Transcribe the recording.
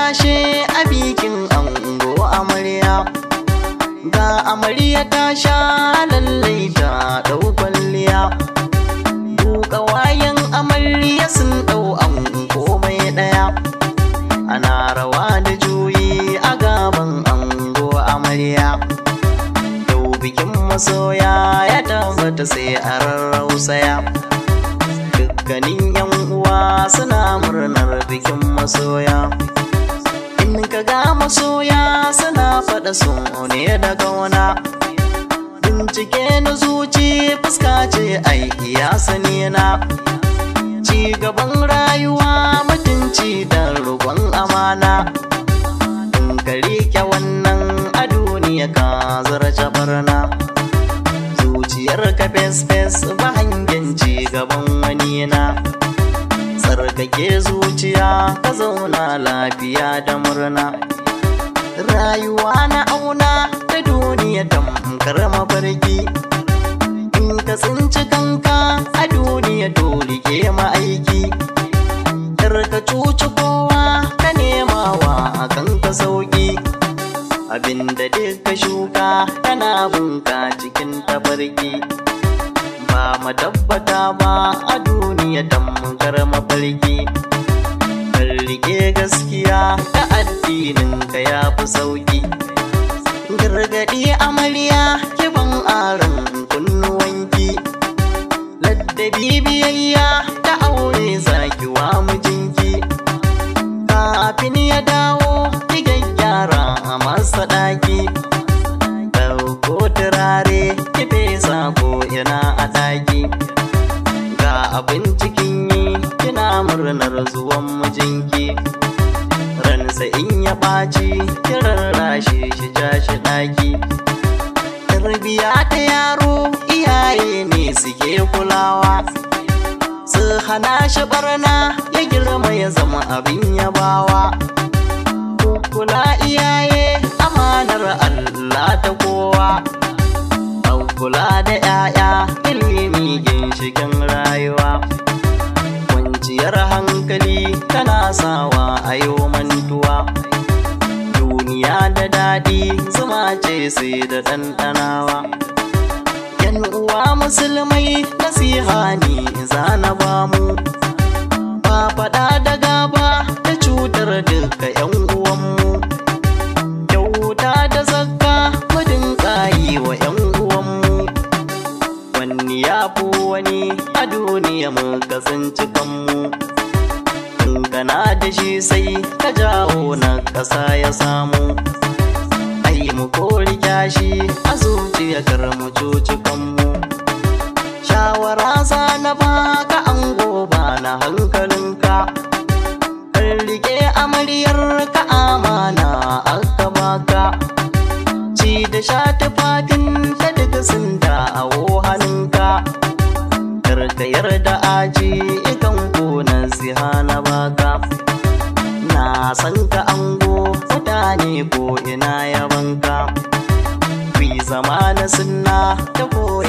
tashe a bikin ango amarya ga amarya ta sha lallai ta ɗau kwalliya duka wayan amarya sun ɗau ango mai ɗaya ana rawa da juyi a gaban ango amarya dau bikin masoya ya tabbata sai a rarrausaya dukkanin yan uwa suna murnar bikin masoya ka ga masoya suna faɗa su ne daga wana. bincike na zuci fuska ce ai iya sani na ci gaban rayuwa mutunci da rubon amana in ka rike wannan a duniya ka zarce barna zuciyar ka fes fes ba hangen ci gaban wani na ke zuciya ka zauna lafiya da murna rayuwa na auna ta duniya tamkar mafarki in ka tsinci kanka a duniya dole ke ma'aiki kar ka cuci kowa ka nemawa a kanka sauki abinda duk ka shuka tana bunka cikin tafarki ba mu tabbata ba a duniya dan mugar mafarki kan Kallike gaskiya da addinin ka ya fi sauki gargaɗi amarya kiban aron kunnuwanki laddabi biyayya ta aure zakiwa mijinki kafin ya dawo ki gyaggyara a masa abin cikin yi kina murnar zuwan mijinki ransa in ya ɓaci kiran rashe shi ja shi ɗaki tarbiya ta yaro iyaye ne suke kulawa su hana shi barna ya girma ya zama abin yabawa kula iyaye yar hankali tana sawa a yau mantuwa duniya da daɗi zuma ce sai da ɗanɗanawa yan uwa musulmai nasiha ne zana ka kanmu da shi sai ka jawo na ƙasa ya samu ai mu kori kyashi a zuciya mu cuci shawara sa na baka an goba na hankalinka kan rike amaryar ka amana aka baka ci da sha tufafin ta duk sun da a da yarda aji ikan kona zihana baka na san ka ango mutane ko ina yabanka fi zama na sunna ta ko